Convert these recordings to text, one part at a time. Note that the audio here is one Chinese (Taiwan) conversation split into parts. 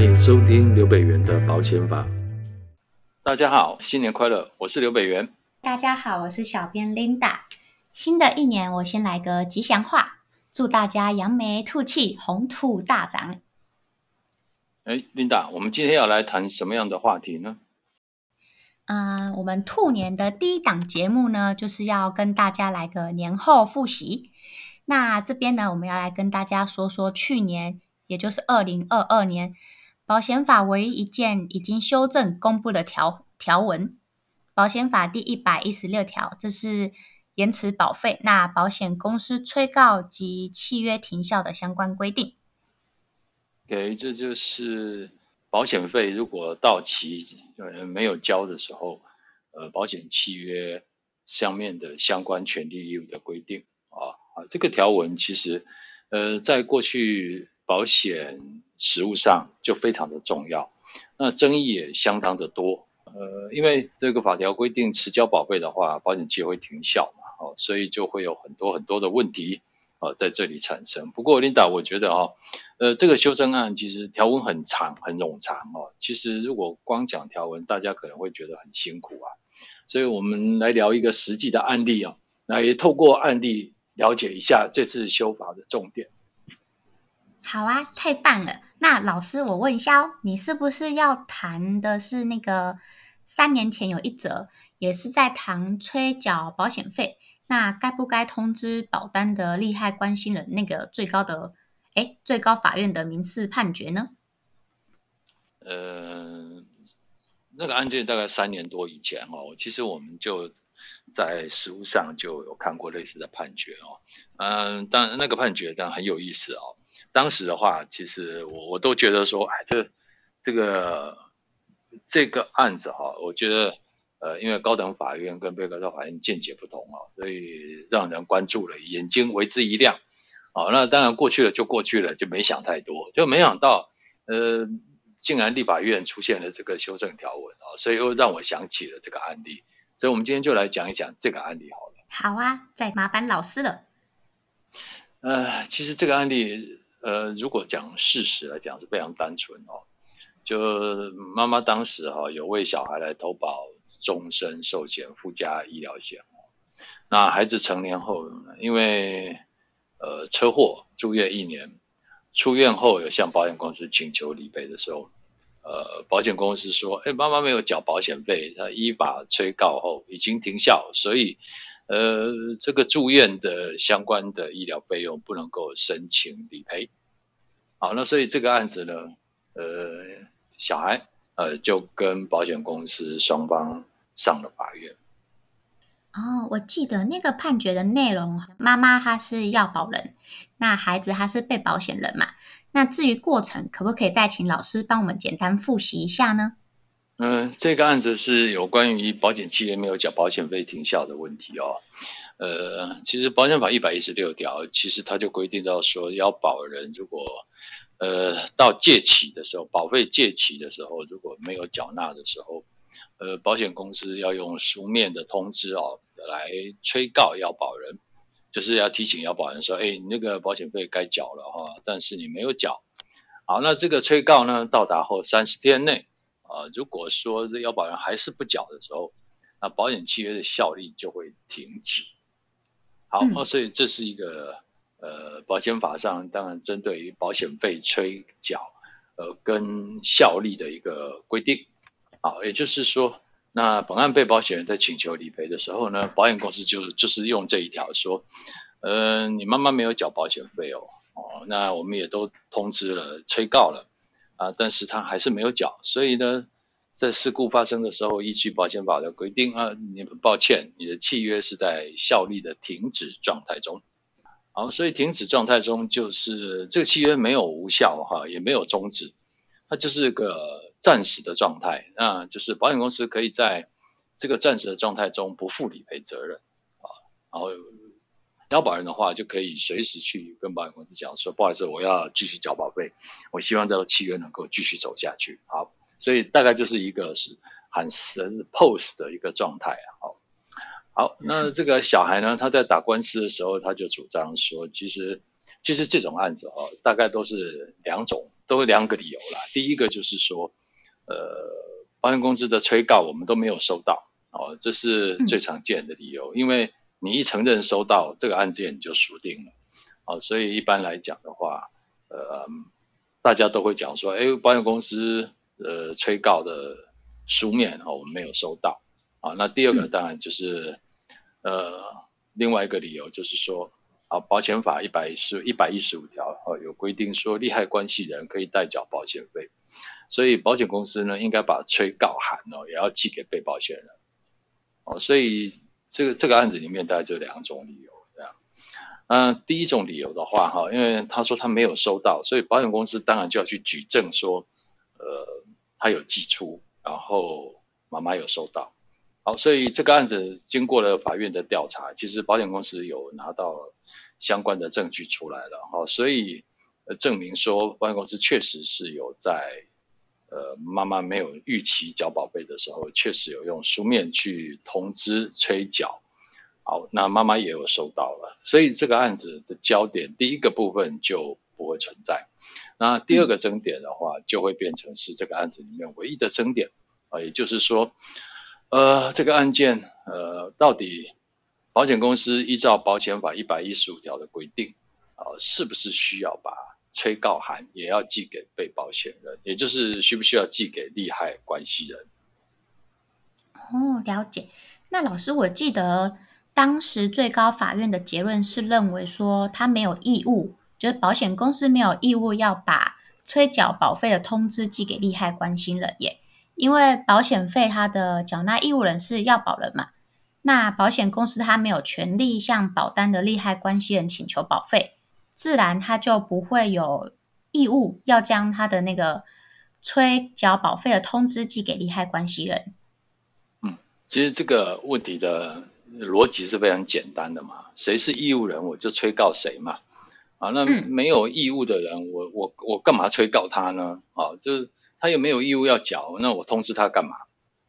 歡迎收聽劉北元的保險法。大家好，新年快樂！我是劉北元。大家好，我是小編 Linda。新的一年，我先來個吉祥話，祝大家揚眉吐氣，紅兔大漲。哎，Linda，我們今天要來談什麼樣的話題呢？嗯、呃，我們兔年的第一檔節目呢，就是要跟大家來個年後複習。那這邊呢，我們要來跟大家說說去年，也就是二零二二年。保險法唯一一件已經修正公布的條條文，保險法第一百一十六條，這是延遲保費，那保險公司催告及契約停效的相關規定。給，這就是保險費如果到期沒有交的時候，呃，保險契約上面的相關權利義務的規定啊啊，這個條文其實，呃，在過去，保險實務上就非常的重要，那爭議也相當的多，呃，因為這個法條規定遲交保費的話，保險期會停效嘛，哦，所以就會有很多很多的問題，哦，在這裡產生。不過，Linda，我覺得啊、哦，呃，這個修正案其實條文很長，很冗長哦。其實如果光講條文，大家可能會覺得很辛苦啊，所以我們來聊一個實際的案例啊、哦，來也透過案例了解一下這次修法的重點。好啊，太棒了！那老師，我問一下哦，你是不是要談的是那個三年前有一則，也是在談催繳保險費，那該不該通知保單的利害關係人？那個最高的，哎，最高法院的民事判決呢？呃，那個案件大概三年多以前哦，其實我們就在實務上就有看過類似的判決哦。嗯、呃，當然那個判決當然很有意思哦。當時的話，其實我我都覺得說，哎，這這個這個案子哈，我覺得，呃，因為高等法院跟被告狀法院見解不同啊，所以讓人關注了，眼睛為之一亮，啊、哦，那當然過去了就過去了，就沒想太多，就沒想到，呃，竟然立法院出現了這個修正條文啊，所以又讓我想起了這個案例，所以我們今天就來講一講這個案例好了。好啊，再麻煩老師了。呃，其實這個案例。呃，如果講事實來講是非常單純哦，就媽媽當時哈、哦、有為小孩來投保終身壽險附加醫療險，哦，那孩子成年後因為呃車禍住院一年，出院後有向保險公司請求理賠的時候，呃，保險公司說，誒、欸、媽媽沒有繳保險費，他依法催告後已經停效，所以。呃，這個住院的相關的醫療費用不能夠申請理賠。好，那所以這個案子呢，呃，小孩呃就跟保險公司雙方上了法院。哦，我記得那個判決的內容，媽媽她是要保人，那孩子他是被保險人嘛，那至於過程，可不可以再請老師幫我們簡單複習一下呢？嗯、呃，這個案子是有關於保險期間沒有繳保險費停效的問題哦。呃，其實保險法一百一十六條，其實它就規定到說，要保人如果，呃，到屆期的時候，保費屆期的時候如果沒有繳納的時候，呃，保險公司要用書面的通知哦來催告要保人，就是要提醒要保人說，哎，你那個保險費該繳了哈、哦，但是你沒有繳。好，那這個催告呢，到達後三十天內。啊，如果說這要保人還是不繳的時候，那保險契約的效力就會停止。好，嗯哦、所以這是一個呃保險法上當然針對於保險費催繳呃跟效力的一個規定好，也就是說，那本案被保險人在請求理賠的時候呢，保險公司就就是用這一條說，呃，你媽媽沒有繳保險費哦，哦，那我們也都通知了催告了。啊，但是他還是沒有繳，所以呢，在事故發生的時候，依據保險法的規定啊，你們抱歉，你的契約是在效力的停止狀態中，好，所以停止狀態中就是這個契約沒有無效哈，也沒有終止，它就是個暫時的狀態，那就是保險公司可以在這個暫時的狀態中不負理賠責任啊，然後。要保人的話，就可以隨時去跟保險公司講說：“不好意思，我要繼續繳保費，我希望這個契約能夠繼續走下去。”好，所以大概就是一個很是很神 post 的一個狀態好，好，嗯，那這個小孩呢，他在打官司的時候，他就主張說：“其實，其實這種案子哈，哦，大概都是兩種，都有兩個理由啦。第一個就是說，呃，保險公司的催告我們都沒有收到，哦，這是最常見的理由，嗯，因為。”你一承認收到這個案件，你就輸定了，啊、哦，所以一般來講的話，呃，大家都會講說，哎，保險公司，呃，催告的書面、哦、我們沒有收到，啊、哦，那第二個當然就是、嗯，呃，另外一個理由就是說，啊，保險法一百一一百一十五條有規定說，利害關係人可以代繳保險費，所以保險公司呢，應該把催告函哦，也要寄給被保險人，哦，所以。這個這個案子裡面大概就兩種理由，這樣，嗯，第一種理由的話，哈，因為他說他沒有收到，所以保險公司當然就要去舉證說，呃，他有寄出，然後媽媽有收到，好，所以這個案子經過了法院的調查，其實保險公司有拿到相關的證據出來了，哈，所以證明說保險公司確實是有在。呃，媽媽沒有預期繳保費的時候，確實有用書面去通知催繳。好，那媽媽也有收到了，所以這個案子的焦點第一個部分就不會存在。那第二個爭點的話、嗯，就會變成是這個案子裡面唯一的爭點啊，也就是說，呃，這個案件呃，到底保險公司依照保險法一百一十五條的規定啊、呃，是不是需要把？催告函也要寄給被保險人，也就是需不需要寄給利害關係人？哦，了解。那老師，我記得當時最高法院的結論是認為說，他沒有義務，就是保險公司沒有義務要把催繳保費的通知寄給利害關係人耶，因為保險費它的繳納義務人是要保人嘛，那保險公司它沒有權利向保單的利害關係人請求保費。自然他就不會有義務要將他的那個催繳保費的通知寄給利害關係人。嗯，其實這個問題的邏輯是非常簡單的嘛，誰是義務人，我就催告誰嘛。啊，那沒有義務的人我、嗯，我我我幹嘛催告他呢？啊、哦，就是他又沒有義務要繳，那我通知他幹嘛？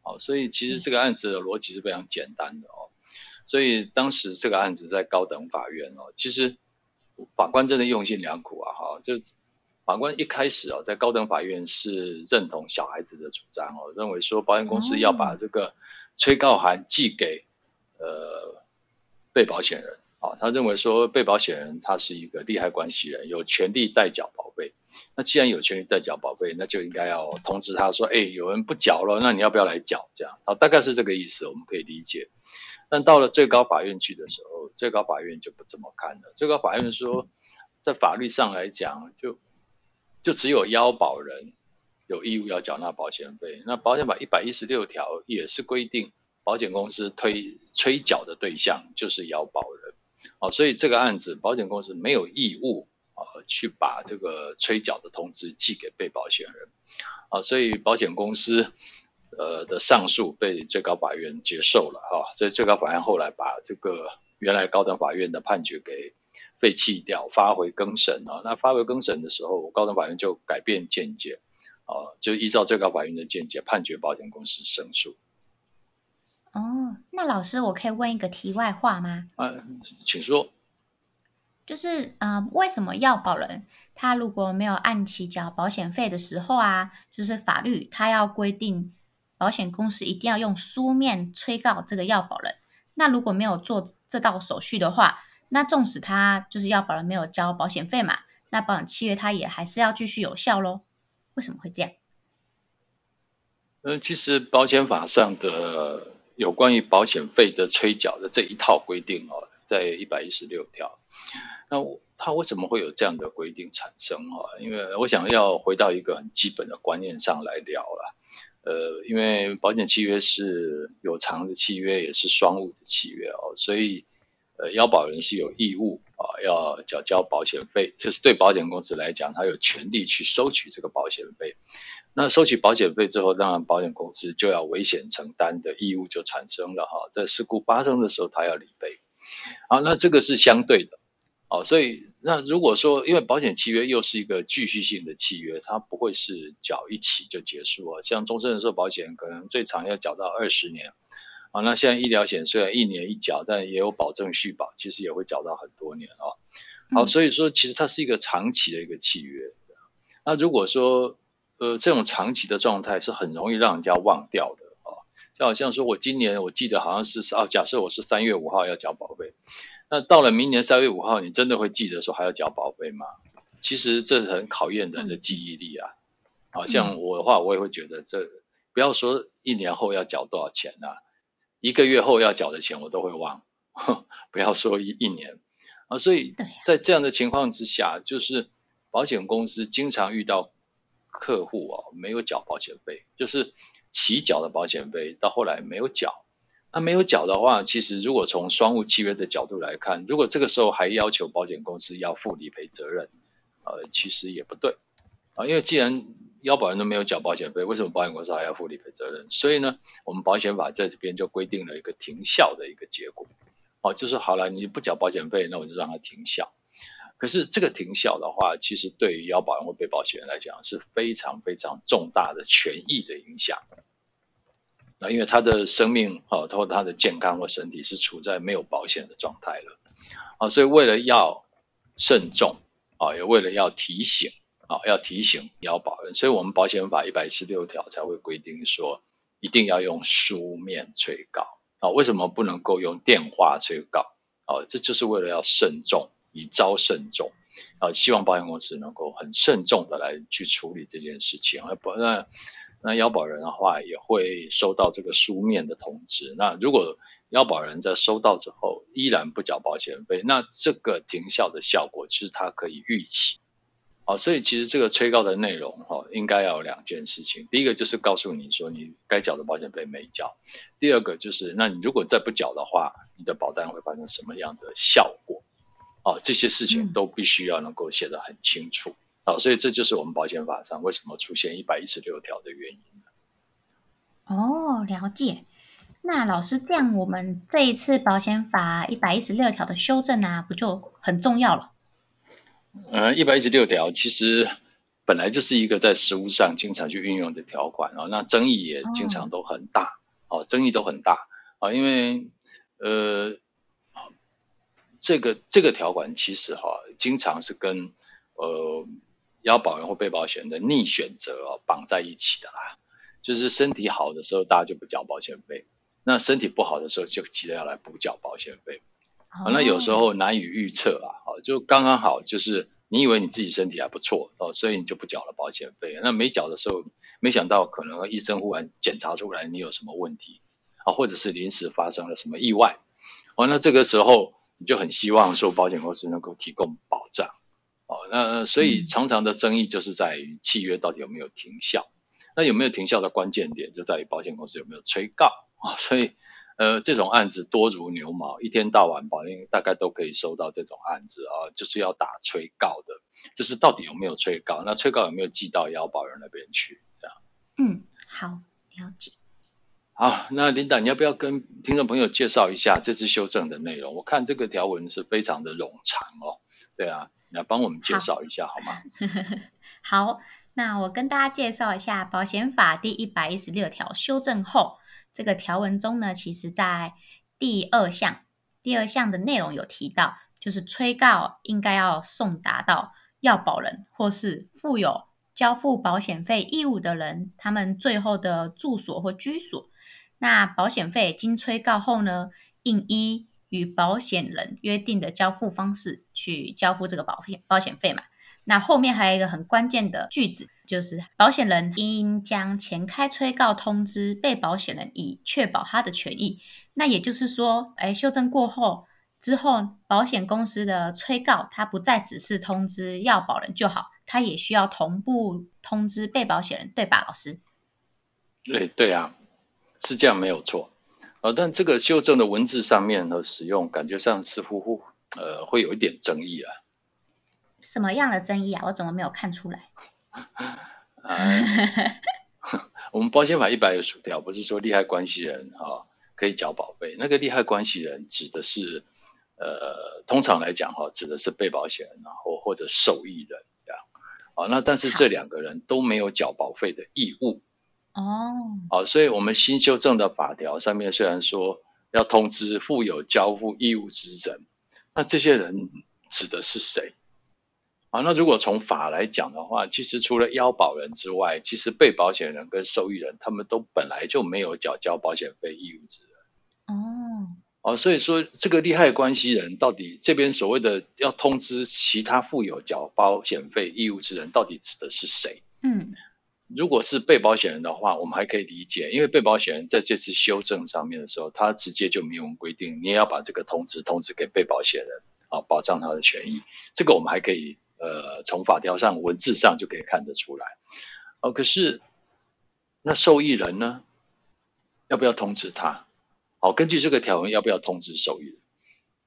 啊、哦，所以其實這個案子的邏輯是非常簡單的哦。嗯、所以當時這個案子在高等法院哦，其實。法官真的用心良苦啊！哈，就法官一開始啊，在高等法院是認同小孩子的主張哦、啊，認為說保險公司要把這個催告函寄給、嗯、呃被保險人啊，他認為說被保險人他是一個利害關係人，有權利代繳保費。那既然有權利代繳保費，那就應該要通知他說，哎、欸，有人不繳了，那你要不要來繳？這樣啊，大概是這個意思，我們可以理解。但到了最高法院去的時候，最高法院就不這麼看了。最高法院說，在法律上來講，就就只有要保人有義務要繳納保險費。那保險法一百一十六條也是規定，保險公司推催繳的對象就是要保人。啊，所以這個案子，保險公司沒有義務啊，去把這個催繳的通知寄給被保險人。啊，所以保險公司。呃的上訴被最高法院接受了哈、啊，所以最高法院後來把這個原來高等法院的判決給廢棄掉，發回更審啊。那發回更審的時候，高等法院就改變見解啊，就依照最高法院的見解，判決保險公司勝訴。哦，那老師，我可以問一個題外話嗎？嗯、啊，請說，就是啊、呃，為什麼要保人？他如果沒有按期繳保險費的時候啊，就是法律他要規定。保險公司一定要用書面催告這個要保人。那如果沒有做這道手續的話，那縱使他就是要保人沒有交保險費嘛，那保險契約他也還是要繼續有效咯。為什麼會這樣？嗯，其實保險法上的有關於保險費的催繳的這一套規定哦，在一百一十六條。那他為什麼會有這樣的規定產生哦？因為我想要回到一個很基本的觀念上來聊了。呃，因為保險契約是有償的契約，也是雙務的契約哦，所以呃，要保人是有義務啊，要繳交保險費，這是對保險公司來講，他有權利去收取這個保險費。那收取保險費之後，當然保險公司就要危險承擔的義務就產生了哈，啊，在事故發生的時候，他要理賠。啊，那這個是相對的。好，所以那如果說，因為保險契約又是一個繼續性的契約，它不會是繳一起就結束啊。像終身人壽保險，可能最長要繳到二十年啊。那現在醫療險雖然一年一繳，但也有保證續保，其實也會繳到很多年啊。好，所以說其實它是一個長期的一個契約啊。那如果說，呃，這種長期的狀態是很容易讓人家忘掉的啊。就好像說我今年，我記得好像是啊，假設我是三月五號要繳保費。那到了明年三月五號，你真的會記得說還要繳保費嗎？其實這是很考驗人的記憶力啊。好、嗯啊、像我的話，我也會覺得這不要說一年後要繳多少錢吶、啊，一個月後要繳的錢我都會忘。不要說一一年啊，所以在這樣的情況之下，就是保險公司經常遇到客戶哦，沒有繳保險費，就是起繳的保險費到後來沒有繳。那、啊、沒有繳的話，其實如果從雙務契約的角度來看，如果這個時候還要求保險公司要負理賠責任，呃，其實也不對，啊，因為既然要保人都沒有繳保險費，為什麼保險公司還要負理賠責任？所以呢，我們保險法在這邊就規定了一個停效的一個結果，哦、啊，就是好了，你不繳保險費，那我就讓它停效。可是這個停效的話，其實對於要保人或被保險人來講，是非常非常重大的權益的影響。啊、因為他的生命、啊、他的健康或身體是處在沒有保險的狀態了，啊，所以為了要慎重啊，也為了要提醒啊，要提醒要保人，所以我們保險法一百一十六條才會規定說，一定要用書面催告啊，為什麼不能夠用電話催告啊？這就是為了要慎重，以昭慎重啊，希望保險公司能夠很慎重的來去處理這件事情、啊那要保人的話，也會收到這個書面的通知。那如果要保人在收到之後依然不繳保險費，那這個停效的效果其實他可以預期。好，所以其實這個催告的內容哈、哦，應該要有兩件事情：第一個就是告訴你說你該繳的保險費沒繳；第二個就是，那你如果再不繳的話，你的保單會發生什麼樣的效果？哦，這些事情都必須要能夠寫得很清楚、嗯。好、哦，所以這就是我們保險法上為什麼出現一百一十六條的原因。哦，了解。那老師這樣，我們這一次保險法一百一十六條的修正呢、啊，不就很重要了？呃，一百一十六條其實本來就是一個在實務上經常去運用的條款啊、哦，那爭議也經常都很大哦，哦，爭議都很大啊、哦，因為呃這個這個條款其實哈、哦，經常是跟呃。要保人或被保險人的逆選擇哦，綁在一起的啦，就是身體好的時候，大家就不交保險費；那身體不好的時候，就急着要來補繳保險費。那有時候難以預測啊，就剛剛好，就是你以為你自己身體還不錯哦，所以你就不繳了保險費。那沒繳的時候，沒想到可能醫生忽然檢查出來你有什麼問題啊，或者是臨時發生了什麼意外，那這個時候你就很希望說保險公司能夠提供保障。哦、那所以常常的爭議就是在於契約到底有沒有停效，嗯？那有沒有停效的關鍵點就在於保險公司有沒有催告啊，哦？所以，呃，這種案子多如牛毛，一天到晚保險大概都可以收到這種案子啊，哦，就是要打催告的，就是到底有沒有催告？那催告有沒有寄到要保人那邊去？這樣？嗯，好，了解。好，那林達你要不要跟聽眾朋友介紹一下這次修正的內容？我看這個條文是非常的冗長哦，對啊。來幫我們介紹一下好，好嗎？ 好，那我跟大家介紹一下《保險法》第一百一十六條修正後這個條文中呢，其實在第二項，第二項的內容有提到，就是催告應該要送達到要保人或是負有交付保險費義務的人他們最後的住所或居所。那保險費經催告後呢，應一與保險人約定的交付方式去交付這個保險保險費嘛。那後面還有一個很關鍵的句子，就是保險人應將前開催告通知被保險人，以確保他的權益。那也就是說，哎，修正過後之後，保險公司的催告他不再只是通知要保人就好，他也需要同步通知被保險人，對吧，老師？對，對啊，是這樣，沒有錯。哦、但這個修正的文字上面和使用，感覺上似乎會呃會有一點爭議啊。什麼樣的爭議啊？我怎麼沒有看出來？啊、哎， 我們保險法一百一十六條，不是說利害關係人哈、哦、可以繳保費。那個利害關係人指的是，呃，通常來講哈指的是被保險人然後或者受益人這樣。哦、那但是這兩個人都沒有繳保費的義務。Oh. 哦，所以我們新修正的法條上面雖然說要通知負有交付義務之人，那這些人指的是誰？啊、哦，那如果從法來講的話，其實除了要保人之外，其實被保險人跟受益人他們都本來就沒有繳交保險費義務之人。Oh. 哦，所以說這個利害關係人到底這邊所謂的要通知其他負有繳保險費義務之人，到底指的是誰？嗯。如果是被保險人的話，我們還可以理解，因為被保險人在這次修正上面的時候，他直接就明文規定，你也要把這個通知通知給被保險人啊，保障他的權益。這個我們還可以呃，從法條上文字上就可以看得出來。哦、呃，可是那受益人呢，要不要通知他？哦、根據這個條文，要不要通知受益人？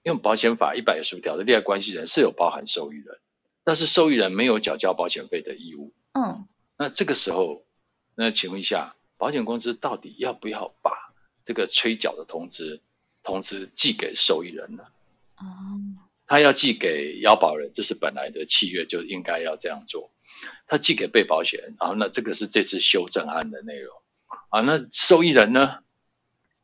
因為保險法一百十五條的利害關係人是有包含受益人，但是受益人沒有繳交保險費的義務。嗯。那這個時候，那請問一下，保險公司到底要不要把這個催繳的通知通知寄給受益人呢？哦、oh.，他要寄給要保人，這是本來的契約就應該要這樣做。他寄給被保險人，然、啊、後那這個是這次修正案的內容啊。那受益人呢？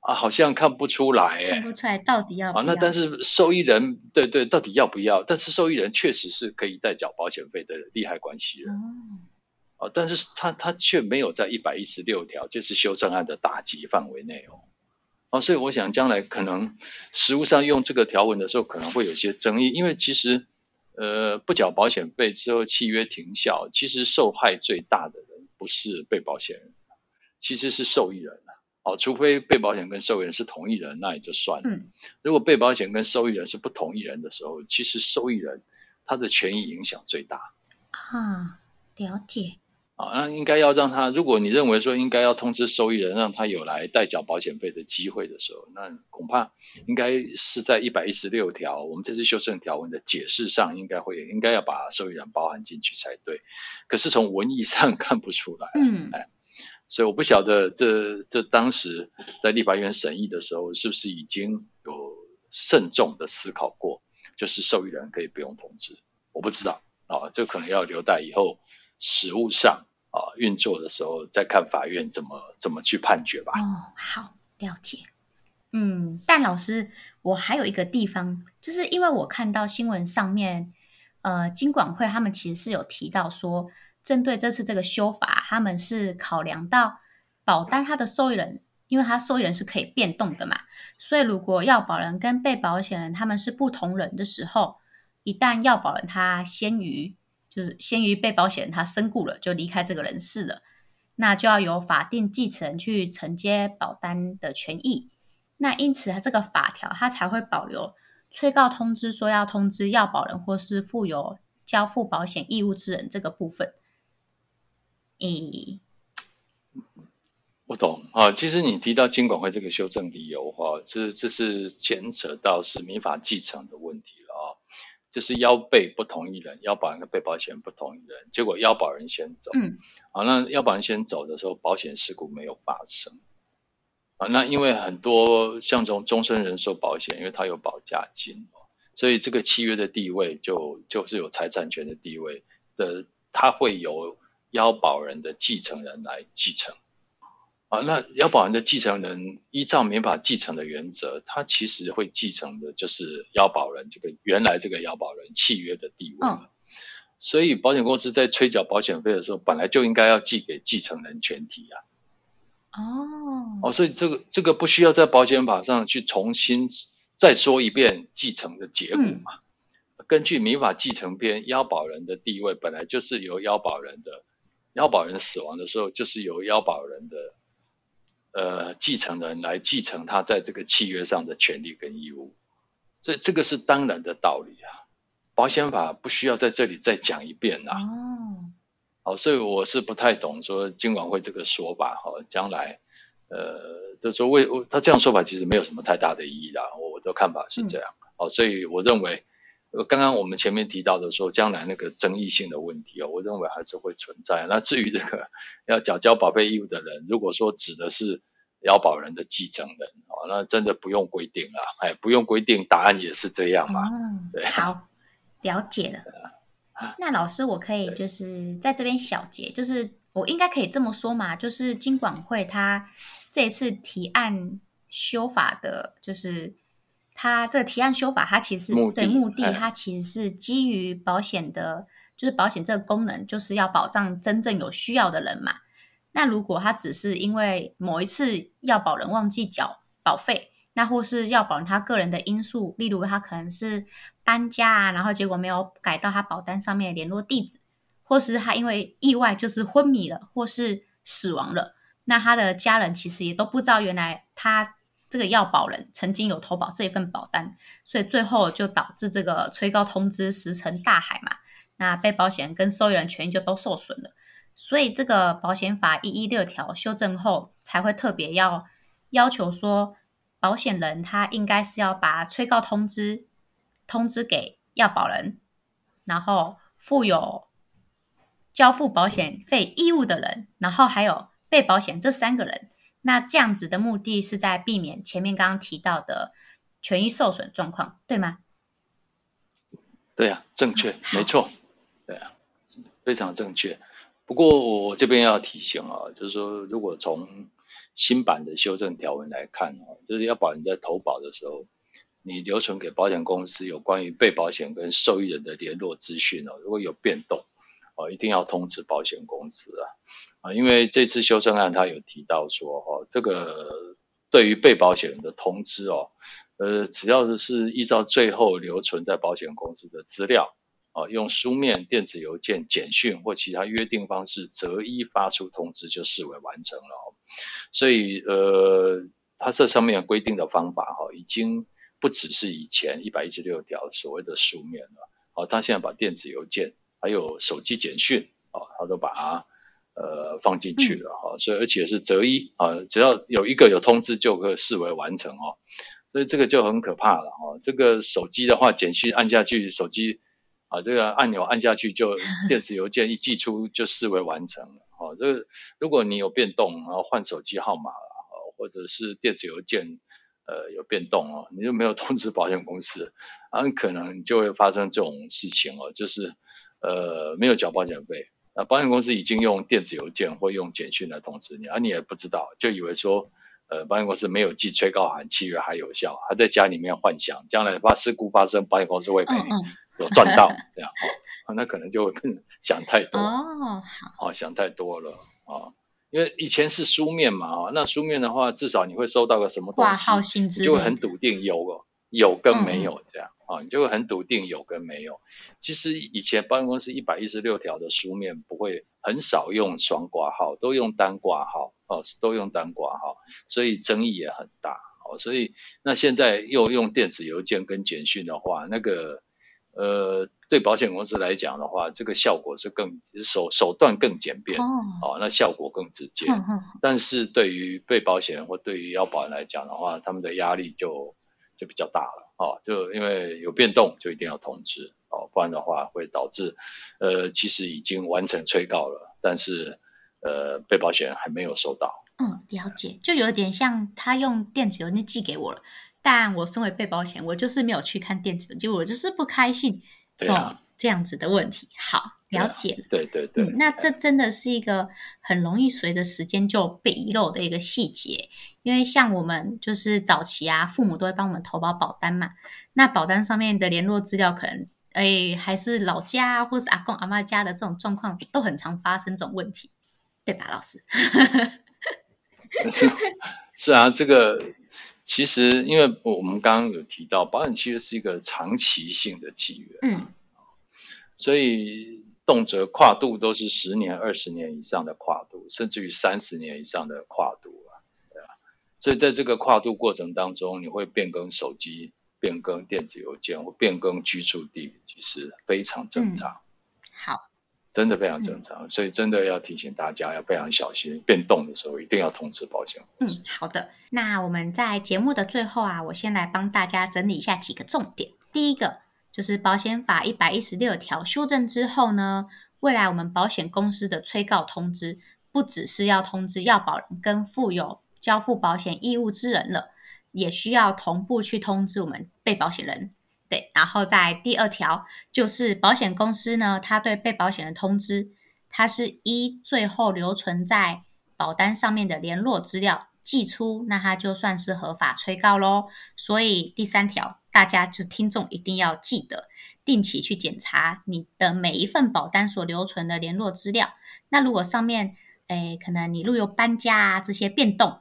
啊，好像看不出來、欸、看不出來到底要不要啊。那但是受益人對、對對，到底要不要？但是受益人確實是可以代繳保險費的利害關係人。Oh. 但是他他卻沒有在一百一十六條，就是修正案的打擊範圍內哦，啊、哦，所以我想將來可能實務上用這個條文的時候，可能會有些爭議，因為其實，呃，不繳保險費之後契約停效，其實受害最大的人不是被保險人，其實是受益人啊。哦，除非被保險跟受益人是同一人，那也就算了、嗯。如果被保險跟受益人是不同一人的時候，其實受益人他的權益影響最大。啊，了解。啊，那應該要讓他。如果你認為說應該要通知受益人，讓他有來代繳保險費的機會的時候，那恐怕應該是在一百一十六條我們這次修正條文的解釋上應，應該會，應該要把受益人包含進去才對。可是從文義上看不出來，嗯，哎，所以我不曉得這這當時在立法院審議的時候，是不是已經有慎重的思考過，就是受益人可以不用通知，我不知道啊，這、哦、可能要留待以後實務上。啊，運作的時候再看法院怎麼怎麼去判決吧。哦，好，了解。嗯，但老師，我還有一個地方，就是因為我看到新聞上面，呃，金管會他們其實是有提到說，針對這次這個修法，他們是考量到保單它的受益人，因為他受益人是可以變動的嘛，所以如果要保人跟被保險人他們是不同人的時候，一旦要保人他先於。就是先於被保險人他身故了，就離開這個人世了，那就要由法定繼承人去承接保單的權益。那因此啊，這個法條它才會保留催告通知說要通知要保人或是負有交付保險義務之人這個部分。咦，我懂啊。其實你提到金管會這個修正理由的話，這這是牽扯到是民法繼承的問題。就是要被不同一人，要保人跟被保險人不同一人，結果要保人先走。嗯，好、啊，那要保人先走的時候，保險事故沒有發生啊。那因為很多像這種終身人壽保險，因為它有保價金，所以這個契約的地位就就是有財產權的地位的，它會由要保人的繼承人來繼承。啊，那要保人的繼承人依照民法繼承的原則，他其實會繼承的就是要保人這個、就是、原來這個要保人契約的地位。哦、所以，保險公司在催繳保險費的時候，本來就應該要寄給繼承人全體啊。哦。哦、啊，所以這個這個不需要在保險法上去重新再說一遍繼承的結果嘛？嗯、根據民法繼承編，要保人的地位本來就是由要保人的，要保人死亡的時候就是由要保人的。呃，繼承人來繼承他在這個契約上的權利跟義務，所以這個是當然的道理啊。保險法不需要在這裡再講一遍啦。哦，好，所以我是不太懂說金管會這個說法，哈，將來，呃，就說為、哦、他這樣說法其實沒有什麼太大的意義啦。我的看法是這樣，嗯、哦，所以我認為。剛剛我們前面提到的說，將來那個爭議性的問題哦，我認為還是會存在。那至於這個要繳交保費義務的人，如果說指的是要保人的繼承人哦，那真的不用規定了，啊哎。不用規定，答案也是這樣嘛，嗯。對，好，了解了。啊嗯，那老師，我可以就是在這邊小結，就是我應該可以這麼說嘛，就是金管會他這一次提案修法的，就是。它這個提案修法，它其實對目的，它其實是基於保險的，就是保險這個功能，就是要保障真正有需要的人嘛。那如果他只是因為某一次要保人忘記繳保費，那或是要保人他個人的因素，例如他可能是搬家啊，然後結果沒有改到他保單上面聯絡地址，或是他因為意外就是昏迷了，或是死亡了，那他的家人其實也都不知道原來他，這個要保人曾經有投保這份保單，所以最後就導致這個催告通知石沉大海嘛。那被保險跟受益人權益就都受損了。所以這個保險法一一六條修正後，才會特別要要求說，保險人他應該是要把催告通知通知給要保人，然後負有交付保險費義務的人，然後還有被保險這三個人。那這樣子的目的是在避免前面剛剛提到的權益受損狀況，對嗎？對呀、啊，正確、嗯，沒錯，對呀、啊，非常正確。不過我這邊要提醒啊，就是說，如果從新版的修正條文來看、啊、就是要保人在投保的時候，你留存給保險公司有關於被保險跟受益人的聯絡資訊哦。如果有變動哦，一定要通知保險公司啊。啊，因為這次修正案，他有提到說，哈，這個對於被保險人的通知哦，呃，只要是依照最後留存在保險公司的資料，啊，用書面、電子郵件、簡訊或其他約定方式擇一發出通知就視為完成了。所以，呃，他這上面規定的方法，哈，已經不只是以前一百一十六條所謂的書面了，哦，他現在把電子郵件還有手機簡訊，哦，他都把它。呃，放進去了哈、哦，所以而且是擇一啊、哦，只要有一個有通知，就可以視為完成哦。所以這個就很可怕了哈、哦。這個手機的話，簡訊按下去，手機啊、哦、這個按鈕按下去，就電子郵件一寄出 就視為完成了哦。這個如果你有變動，然後換手機號碼了，或者是電子郵件呃有變動哦，你就沒有通知保險公司，很、啊、可能就會發生這種事情哦，就是呃沒有繳保險費。那、啊、保險公司已經用電子郵件或用簡訊來通知你，而、啊、你也不知道，就以為說，呃，保險公司沒有寄催告函，契約還有效，還在家裡面幻想，將來發事故發生，保險公司會給你有賺到嗯嗯這樣、 啊，那可能就會更想太多哦，好、啊，想太多了啊，因為以前是書面嘛、啊，那書面的話，至少你會收到個什麼東西掛號信你就就很篤定有、那個哦、有跟沒有、嗯、這樣。啊，你就會很篤定有跟沒有。其實以前保險公司一百一十六條的書面不會很少用雙掛號，都用單掛號哦，都用單掛號，所以爭議也很大。哦，所以那現在又用電子郵件跟簡訊的話，那個呃，對保險公司來講的話，這個效果是更手手段更簡便、oh. 哦，那效果更直接。但是對於被保險人或對於要保人來講的話，他們的壓力就就比較大了。哦，就因為有變動，就一定要通知哦，不然的話會導致，呃，其實已經完成催告了，但是，呃，被保險人還沒有收到。嗯，了解，就有點像他用電子郵件寄給我了，但我身為被保險，我就是沒有去看電子郵件，就我就是不開心。對啊，這樣子的問題。好。了解了、啊，對對對、嗯，那這真的是一個很容易隨着時間就被遺漏的一個細節，因為像我們就是早期啊，父母都會幫我們投保保單嘛，那保單上面的聯絡資料，可能哎，還是老家、啊、或是阿公阿嬤家的這種狀況，都很常發生這種問題，對吧，老師？是 是啊，這個其實因為我們剛剛有提到，保險其實是一個長期性的契約，嗯，所以。動輒跨度都是十年、二十年以上的跨度，甚至於三十年以上的跨度啊，對吧？所以在這個跨度過程當中，你會變更手機、變更電子郵件或變更居住地，其實非常正常、嗯。好，真的非常正常。嗯、所以真的要提醒大家，要非常小心、嗯、變動的時候，一定要通知保險。嗯，好的。那我們在節目的最後啊，我先來幫大家整理一下幾個重點。第一個。就是保險法一百一十六條修正之後呢，未來我們保險公司的催告通知不只是要通知要保人跟負有交付保險義務之人了，也需要同步去通知我們被保險人。對，然後在第二條就是保險公司呢，他對被保險人的通知，它是依最後留存在保單上面的聯絡資料。寄出，那他就算是合法催告咯。所以第三條，大家就聽眾一定要記得定期去檢查你的每一份保單所留存的聯絡資料。那如果上面，誒、欸、可能你路由搬家啊這些變動，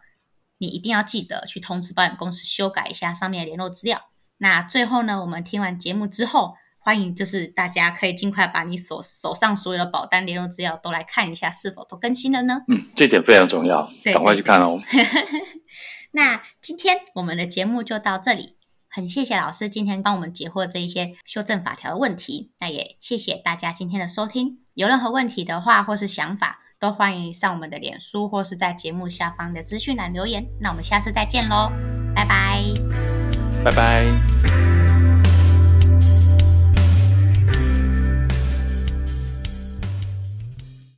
你一定要記得去通知保險公司修改一下上面的聯絡資料。那最後呢，我們聽完節目之後。歡迎，就是大家可以盡快把你手手上所有的保單聯絡資料都來看一下，是否都更新了呢？嗯，這點非常重要，趕快去看哦，對對對，呵呵。那今天我們的節目就到這裡，很謝謝老師今天幫我們解惑這一些修正法條的問題，那也謝謝大家今天的收聽。有任何問題的話或是想法，都歡迎上我們的臉書或是在節目下方的資訊欄留言。那我們下次再見嘍，拜拜，拜拜。